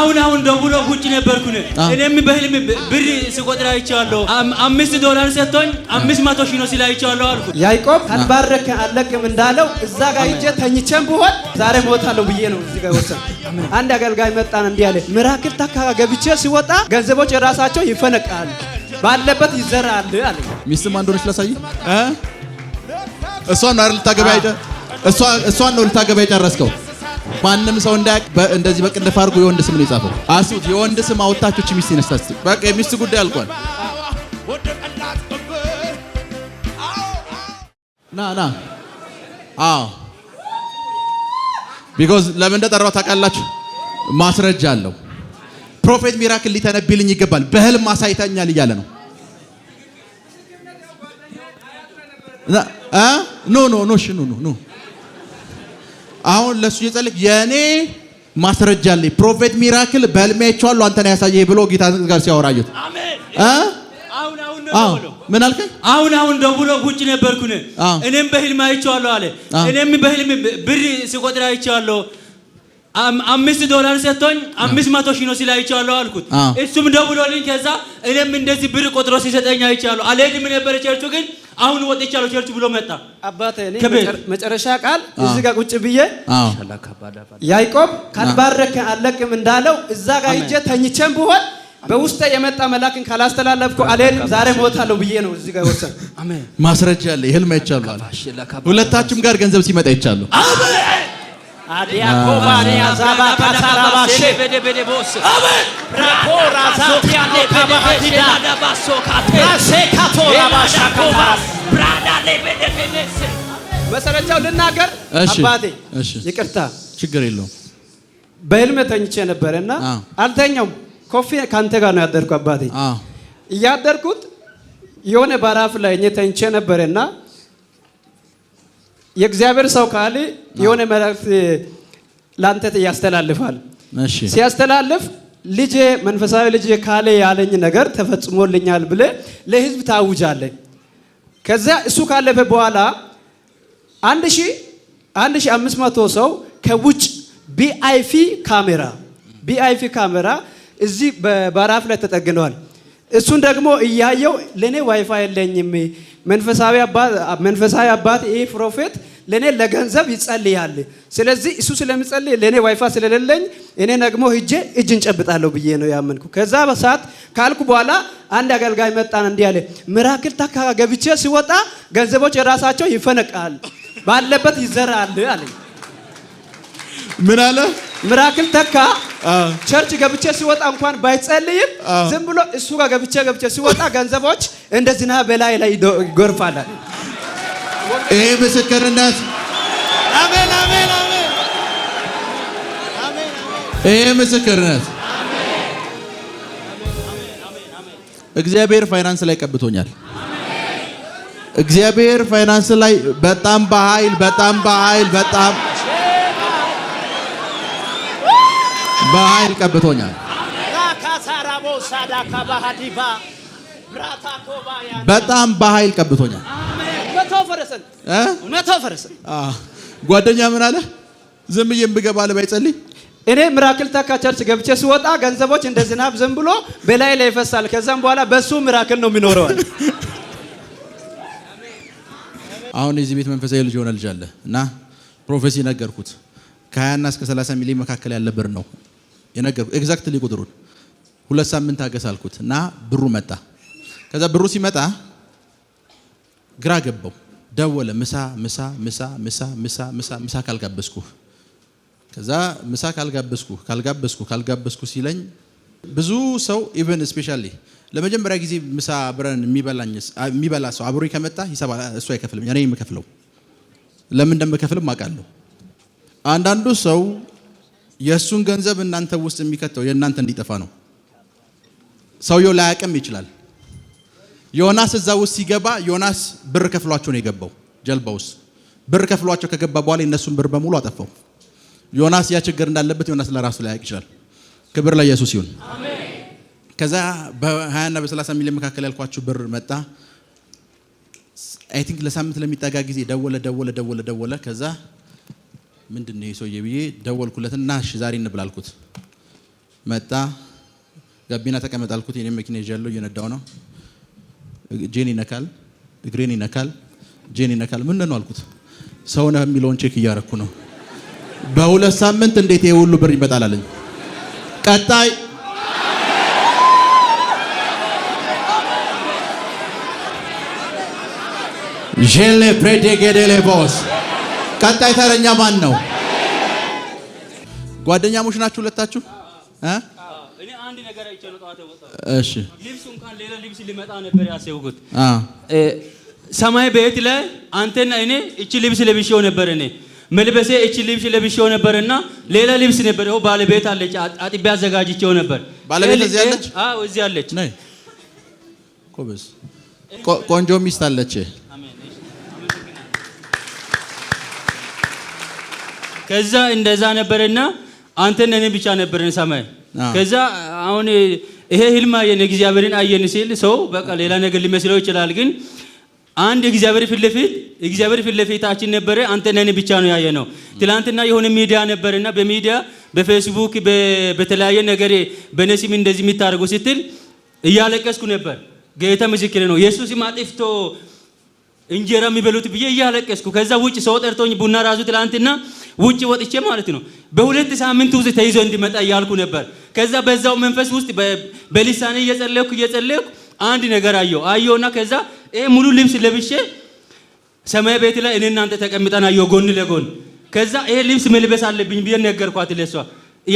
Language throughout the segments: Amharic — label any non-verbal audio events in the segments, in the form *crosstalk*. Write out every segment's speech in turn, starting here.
አሁን አሁን ደውሎ ውጭ ነበርኩን። እኔም በህልም ብር ስቆጥር አይቻለሁ። አምስት ዶላር ሰጥቶኝ አምስት መቶ ሺህ ነው ሲል አይቻለሁ አልኩ። ያዕቆብ ካልባረከ አለቅም እንዳለው እዛ ጋር ሂጄ ተኝቼም ብሆን ዛሬ ሞታለሁ ብዬ ነው እዚህ ጋር ወሰን። አንድ አገልጋይ መጣን እንዲህ አለ፣ ምራክል ታካ ገብቼ ሲወጣ ገንዘቦች የራሳቸው ይፈነቃሉ፣ ባለበት ይዘራል አለ። ሚስትም አንድ ሆነች ላሳይ። እሷን ነው ልታገባ እሷን ነው ልታገባ የጨረስከው ማንም ሰው እንዳያቅ እንደዚህ በቅንፍ አድርጎ የወንድ ስም ነው የጻፈው። አስቡት፣ የወንድ ስም አወጣችሁ ሚስት ይነሳስ። በቃ የሚስት ጉዳይ አልቋል። ና ና፣ አዎ ቢኮዝ ለምን እንደጠራው ታውቃላችሁ? ማስረጃ አለው። ፕሮፌት ሚራክል ሊተነብልኝ ይገባል፣ በህልም አሳይታኛል እያለ ነው። ኖ ኖ ኖ ኖ አሁን ለሱ እየጸለይክ የኔ ማስረጃ አለኝ። ፕሮፌት ሚራክል በህልሜ አንተን አንተ ያሳየህ ብሎ ጌታ ጋር ሲያወራዩት ምን አልከ? አሁን አሁን ደውሎ ውጭ ነበርኩ እኔም በህልም አይቼዋለሁ አለ። እኔም በህልም ብር ሲቆጥር አይቼዋለሁ አምስት ዶላር ሰጥቶኝ አምስት መቶ ሺህ ነው ሲል አይቼዋለሁ አልኩት። እሱም ደውሎልኝ ከዛ እኔም እንደዚህ ብር ቆጥሮ ሲሰጠኝ አይቼዋለሁ። አልሄድም ነበረ ቸርቹ ግን አሁን ወጥቻለሁ ቸርቹ ብሎ መጣ። አባቴ መጨረሻ ቃል እዚህ ጋር ቁጭ ብዬ ያይቆብ ካልባረከ አለቅም እንዳለው እዛ ጋር ሂጄ ተኝቼም ብሆን በውስጠ የመጣ መላክን ካላስተላለፍኩ አልሄድም ዛሬ ሞታለሁ ብዬ ነው እዚህ ጋር ወሰን። ማስረጃ አለ። ይህልም አይቻሉ ሁለታችሁም ጋር ገንዘብ ሲመጣ ይቻሉ መሰረቻው ah. ልናገር አባቴ፣ ይቅርታ ችግር የለውም። በህልም ተኝቼ አልተኛውም። ኮፊ ከአንተ ጋር ነው ያደርኩ አባቴ። እያደርኩት የሆነ በራፍ ላይ ተኝቼ የእግዚአብሔር ሰው ካለ የሆነ መልእክት ላንተ ያስተላልፋል። ሲያስተላልፍ ልጄ መንፈሳዊ ልጄ ካለ ያለኝ ነገር ተፈጽሞልኛል ብለ ለህዝብ ታውጃለህ። ከዛ እሱ ካለፈ በኋላ አንድ ሺ አንድ ሺ አምስት መቶ ሰው ከውጭ ቢአይፊ ካሜራ ቢአይፊ ካሜራ እዚህ በባራፍ ላይ ተጠግነዋል። እሱን ደግሞ እያየው ለእኔ ዋይፋይ የለኝም፣ መንፈሳዊ አባት ይህ ፕሮፌት ለእኔ ለገንዘብ ይጸልያል፣ ስለዚህ እሱ ስለሚጸልይ ለእኔ ዋይፋ ስለሌለኝ እኔ ደግሞ ሂጄ እጅ እንጨብጣለሁ ብዬ ነው ያመንኩ። ከዛ በሰዓት ካልኩ በኋላ አንድ አገልጋይ መጣን፣ እንዲህ አለ፣ ምራክል ታካ ገብቼ ሲወጣ ገንዘቦች የራሳቸው ይፈነቃል፣ ባለበት ይዘራል አለ። ምን አለ ምራክል ተካ ቸርች ገብቼ ሲወጣ እንኳን ባይጸልይም ዝም ብሎ እሱ ጋር ገብቼ ገብቼ ሲወጣ ገንዘቦች እንደ ዝናብ በላይ ላይ ይጎርፋል። ይሄ ምስክርነት፣ አሜን፣ አሜን፣ አሜን። ይሄ ምስክርነት እግዚአብሔር ፋይናንስ ላይ ቀብቶኛል። እግዚአብሔር ፋይናንስ ላይ በጣም በኃይል በጣም በኃይል በጣም በኃይል ቀብቶኛል። በጣም በኃይል ቀብቶኛል። ጓደኛ ምን አለ? ዝም ብዬ ብገባ ለባይጸልይ እኔ ምራክል ተካ ቸርች ገብቼ ስወጣ ገንዘቦች እንደ ዝናብ ዝም ብሎ በላይ ላይ ይፈሳል። ከዛም በኋላ በሱ ምራክል ነው የሚኖረዋል። አሁን የዚህ ቤት መንፈሳዊ ልጅ የሆነ ልጅ አለ እና ፕሮፌሲ ነገርኩት ከ20 እና እስከ 30 ሚሊዮን መካከል ያለብር ነው የነገርኩት ኤግዛክትሊ ቁጥሩን ሁለት ሳምንት አገስ አልኩት እና ብሩ መጣ። ከዛ ብሩ ሲመጣ ግራ ገባው። ደወለ። ምሳ ምሳ ምሳ ምሳ ምሳ ምሳ ምሳ ካልጋበዝኩ ከዛ ምሳ ካልጋበዝኩ ካልጋበዝኩ ካልጋበዝኩ ሲለኝ ብዙ ሰው ኢቨን ስፔሻሊ ለመጀመሪያ ጊዜ ምሳ አብረን የሚበላ ሰው አብሮ ከመጣ ሂሳብ እሱ አይከፍልም፣ እኔ የምከፍለው። ለምን እንደምከፍልም አውቃለሁ። አንዳንዱ ሰው የእሱን ገንዘብ እናንተ ውስጥ የሚከተው የእናንተ እንዲጠፋ ነው። ሰውየው ላያቅም ይችላል። ዮናስ እዛ ውስጥ ሲገባ ዮናስ ብር ከፍሏቸው ነው የገባው ጀልባ ውስጥ ብር ከፍሏቸው ከገባ በኋላ የእነሱን ብር በሙሉ አጠፋው። ዮናስ ያ ችግር እንዳለበት ዮናስ ለራሱ ላያቅ ይችላል። ክብር ኢየሱስ ይሁን። ከዛ በ20ና በ30 ሚሊዮን መካከል ያልኳችሁ ብር መጣ። አይ ቲንክ ለሳምንት ለሚጠጋ ጊዜ ደወለ ደወለ ደወለ ደወለ ከዛ ምንድን ነው ሰውዬ ብዬ ደወልኩለትና እሺ ዛሬ እንብላ አልኩት። መጣ ጋቢና ተቀመጥ አልኩት። የኔ መኪና ይዣለሁ እየነዳው ነው። ጄን ይነካል፣ እግሬን ይነካል፣ ጄን ይነካል። ምን ነው አልኩት። ሰው ነህ የሚለውን ቼክ እያረኩ ነው። በሁለት ሳምንት እንዴት ይሄ ሁሉ ብር ይመጣል አለኝ። ቀጣይ ጄሌ ፕሬዴጌዴሌ ቦስ ቀጣይ ተረኛ ማን ነው? ጓደኛሞች ናችሁ ሁለታችሁ? እኔ አንድ ነገር አይቼ ነው ጠዋት የወጣሁት። እሺ ልብሱ እንኳን ሌላ ልብስ ሊመጣ ነበር ያሰብኩት። ሰማይ ቤት ላይ አንተና እኔ እቺ ልብስ ለብሼው ነበር እኔ መልበሴ እቺ ልብስ ለብሼው ነበርና ሌላ ልብስ ነበር። ይኸው ባለቤት አለች፣ አጥቤ አዘጋጅቼው ነበር። ባለቤት እዚህ አለች። አዎ እዚህ አለች። ቆንጆ ሚስት አለች። ከዛ እንደዛ ነበረና አንተን እኔ ብቻ ነበርን ሰማይ። ከዛ አሁን ይሄ ህልም አየን እግዚአብሔርን አየን ሲል ሰው በቃ ሌላ ነገር ሊመስለው ይችላል። ግን አንድ እግዚአብሔር ፊት ለፊት እግዚአብሔር ፊት ለፊታችን ነበረ። አንተን እኔ ብቻ ነው ያየነው። ትላንትና የሆነ ሚዲያ ነበርና በሚዲያ በፌስቡክ በተለያየ ነገር በነሲም እንደዚህ የሚታደርጉ ስትል እያለቀስኩ ነበር። ጌታ ምስክሬ ነው። ኢየሱስ አጥፍቶ እንጀራ የሚበሉት ብዬ እያለቀስኩ ከዛ ውጭ ሰው ጠርቶኝ ቡና ራሱ ትላንትና ውጭ ወጥቼ ማለት ነው በሁለት ሳምንት ውስጥ ተይዞ እንዲመጣ እያልኩ ነበር። ከዛ በዛው መንፈስ ውስጥ በልሳኔ እየጸለኩ እየጸለኩ አንድ ነገር አየው አየውና ከዛ ይሄ ሙሉ ልብስ ለብሼ ሰማይ ቤት ላይ እኔ እናንተ ተቀምጠን አየው ጎን ለጎን ከዛ ይሄ ልብስ መልበስ አለብኝ ብዬ ነገርኳት ለሷ።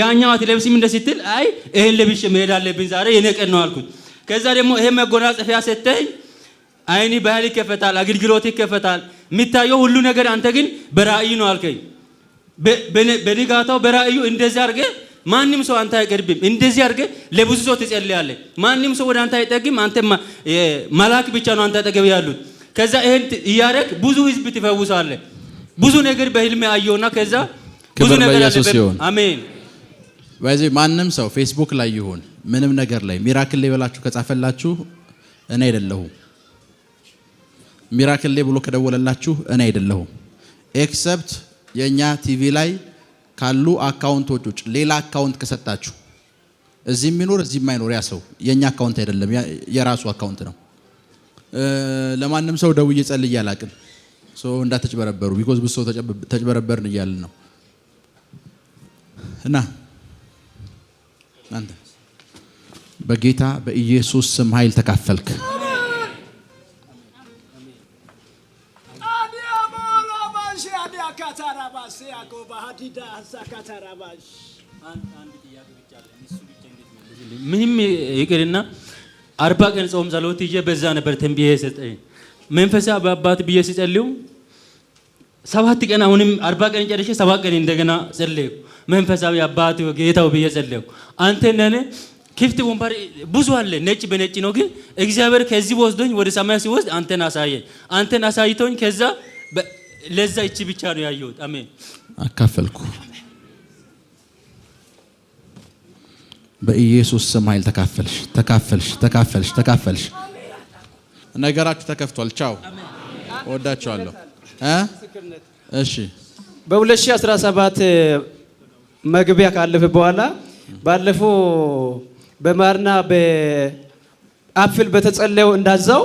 ያኛው አትለብሲም እንደ ስትል አይ ይሄን ለብሼ መሄድ አለብኝ ዛሬ የነቀን ነው አልኩት። ከዛ ደግሞ ይሄ መጎናጸፊያ ሰጠኝ አይኒ ባህል ይከፈታል፣ አገልግሎት ይከፈታል። የሚታየው ሁሉ ነገር አንተ ግን በራእዩ ነው አልከኝ። በንጋታው በራእዩ እንደዚህ አድርገ ማንም ሰው አንተ አይቀርብም። እንደዚህ አርገ ለብዙ ሰው ትጸልያለህ። ማንም ሰው ወደ አንተ አይጠግም። አንተ መላክ ብቻ ነው አንተ አጠገብ ያሉት። ከዛ ይሄን እያደረግ ብዙ ህዝብ ትፈውሳለህ። ብዙ ነገር በህልሜ አየውና ከዛ ብዙ ነገር ሲሆን አሜን። በዚህ ማንም ሰው ፌስቡክ ላይ ይሁን ምንም ነገር ላይ ሚራክል ላይ ብላችሁ ከጻፈላችሁ እኔ አይደለሁም ሚራክሌ ብሎ ከደወለላችሁ እኔ አይደለሁም። ኤክሰፕት የእኛ ቲቪ ላይ ካሉ አካውንቶች ውጭ ሌላ አካውንት ከሰጣችሁ እዚህ የሚኖር እዚህ የማይኖር ያ ሰው የእኛ አካውንት አይደለም፣ የራሱ አካውንት ነው። ለማንም ሰው ደውዬ ጸልዬ አላቅም። እንዳትጭበረበሩ ቢኮዝ ብዙ ሰው ተጭበረበርን እያልን ነው እና በጌታ በኢየሱስ ስም ኃይል ተካፈልክ። ይቅርና አርባ ቀን ጾም ጸሎት ይዤ በዛ ነበር ትንቢዬ ሰጠኝ። መንፈሳዊ በአባት ብዬ ሲጸልዩ ሰባት ቀን አሁንም አርባ ቀን ጨርሼ ሰባት ቀን እንደገና ጸለይኩ። መንፈሳዊ አባት ጌታው ብዬ ጸለይኩ። አንተ ነህ ክፍት ወንበር ብዙ አለ፣ ነጭ በነጭ ነው። ግን እግዚአብሔር ከዚህ ወስዶኝ ወደ ሰማይ ሲወስድ አንተን አሳየኝ። አንተን አሳይቶኝ ከዛ ለዛ ይቺ ብቻ ነው ያየሁት። አሜን። አካፈልኩ በኢየሱስ ስም ኃይል ተካፈልሽ፣ ተካፈልሽ፣ ተካፈልሽ፣ ተካፈልሽ። ነገራችሁ ተከፍቷል። ቻው፣ እወዳችኋለሁ። እሺ በ2017 መግቢያ ካለፈ በኋላ ባለፈው በማርና በአፕል በተጸለየው እንዳዛው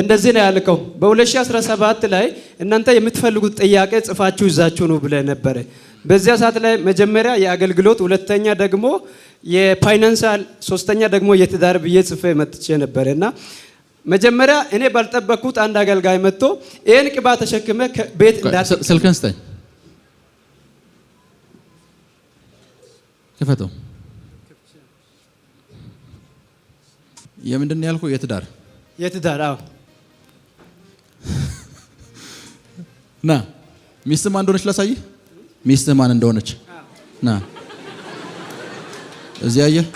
እንደዚህ ነው ያልከው። በ2017 ላይ እናንተ የምትፈልጉት ጥያቄ ጽፋችሁ ይዛችሁ ነው ብለ ነበረ። በዚያ ሰዓት ላይ መጀመሪያ የአገልግሎት፣ ሁለተኛ ደግሞ የፋይናንሳል ሶስተኛ ደግሞ የትዳር ብዬ ጽፌ መጥቼ ነበር እና መጀመሪያ እኔ ባልጠበቅኩት አንድ አገልጋይ መጥቶ ይህን ቅባ ተሸክመ ቤት ስልክን ስጠኝ ክፈተው። የምንድን ያልኩ የትዳር የትዳር አዎ። ና ሚስትህ ማን እንደሆነች ላሳይህ። ሚስትህ ማን እንደሆነች ና እዚህ አየህ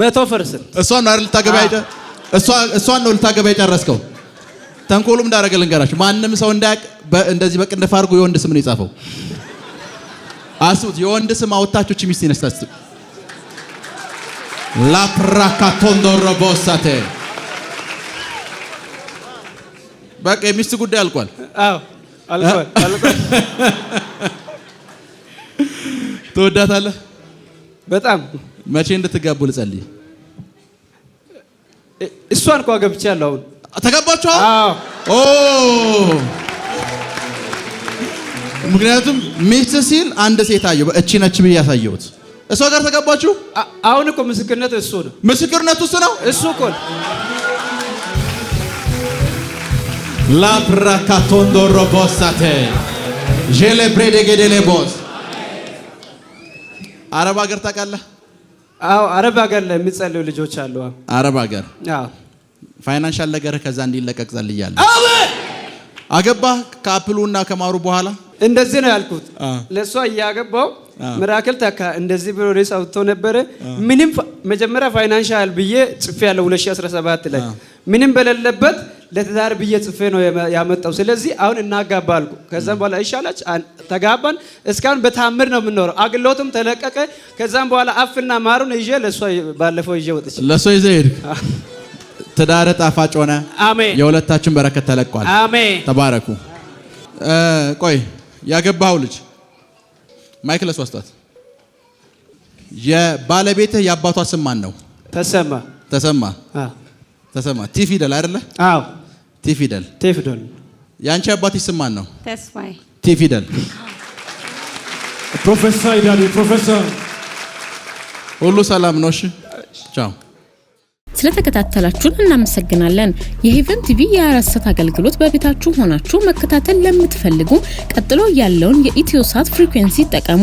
መቶ ፐርሰንት እሷን ነው ልታገባ እሷን ነው ልታገባ የጨረስከው። ተንኮሉም እንዳደረገ ልንገራችሁ፣ ማንም ሰው እንዳያውቅ እንደዚህ በቅንፍ አድርጎ የወንድ ስም ነው የጻፈው። አስቡት፣ የወንድ ስም አወጣቾች ሚስት ላፕራካቶንዶሮቦሳቴ በቃ የሚስት ጉዳይ አልቋል። አዎ *laughs* ትወዳታለህ በጣም። መቼ እንድትጋቡ ልጸልይ? እሷን እንኳ ገብቻለሁ። አሁን ተጋባችሁ? አዎ። ኦ ምክንያቱም ሚስት ሲል አንድ ሴት አየሁ፣ እቺ ነች ብዬ ያሳየሁት እሷ ጋር ተጋባችሁ? አሁን እኮ ምስክርነት እሱ ነው። ምስክርነቱ እሱ ነው። እሱ እኮ ላብራካቶንዶ ሮቦሳቴ ዤሌብሬደጌዴሌ ቦስ አረብ ሀገር ታውቃለህ? አዎ፣ አረብ ሀገር ላይ የሚጸልዩ ልጆች አሉ። አረብ ሀገር ፋይናንሻል ነገር ከዛ እንዲለቀቅ ጸልያለሁ። አገባህ ከአፕሉ እና ከማሩ በኋላ እንደዚህ ነው ያልኩት። ለእሷ እያገባው ምራክል ተካ እንደዚህ ብሎ ሬስ አውጥቶ ነበረ። ምንም መጀመሪያ ፋይናንሻል ብዬ ጽፌ ያለው 2017 ላይ ምንም በሌለበት ለትዳር ብዬ ጽፌ ነው ያመጣው። ስለዚህ አሁን እናጋባ አልኩ። ከዛም በኋላ ይሻላች ተጋባን። እስካሁን በታምር ነው የምንኖረው። አግሎቱም ተለቀቀ። ከዛም በኋላ አፍና ማሩን ይዤ ለእሷ ባለፈው ይዤ ወጥቼ ለእሷ ይዘህ ሄድክ። ትዳር ጣፋጭ ሆነ። አሜን። የሁለታችን በረከት ተለቋል። አሜን። ተባረኩ። ቆይ ያገባኸው ልጅ ማይክ ለእሷ ስጧት። የባለቤትህ የአባቷ ስም ማን ነው? ተሰማ ተሰማ ተሰማ ቲ ፊደል አይደለ? አዎ ቲ ፊደል ቲ ፊደል። የአንቺ አባትሽ ስም ማን ነው? ተስፋዬ። ቲ ፊደል ፕሮፌሰር ይላሉ። ፕሮፌሰር ሁሉ ሰላም ነው? እሺ፣ ቻው። ስለተከታተላችሁን እናመሰግናለን። የሄቨን ቲቪ የአራሰት አገልግሎት በቤታችሁ ሆናችሁ መከታተል ለምትፈልጉ ቀጥሎ ያለውን የኢትዮ ሳት ፍሪኩዌንሲ ይጠቀሙ።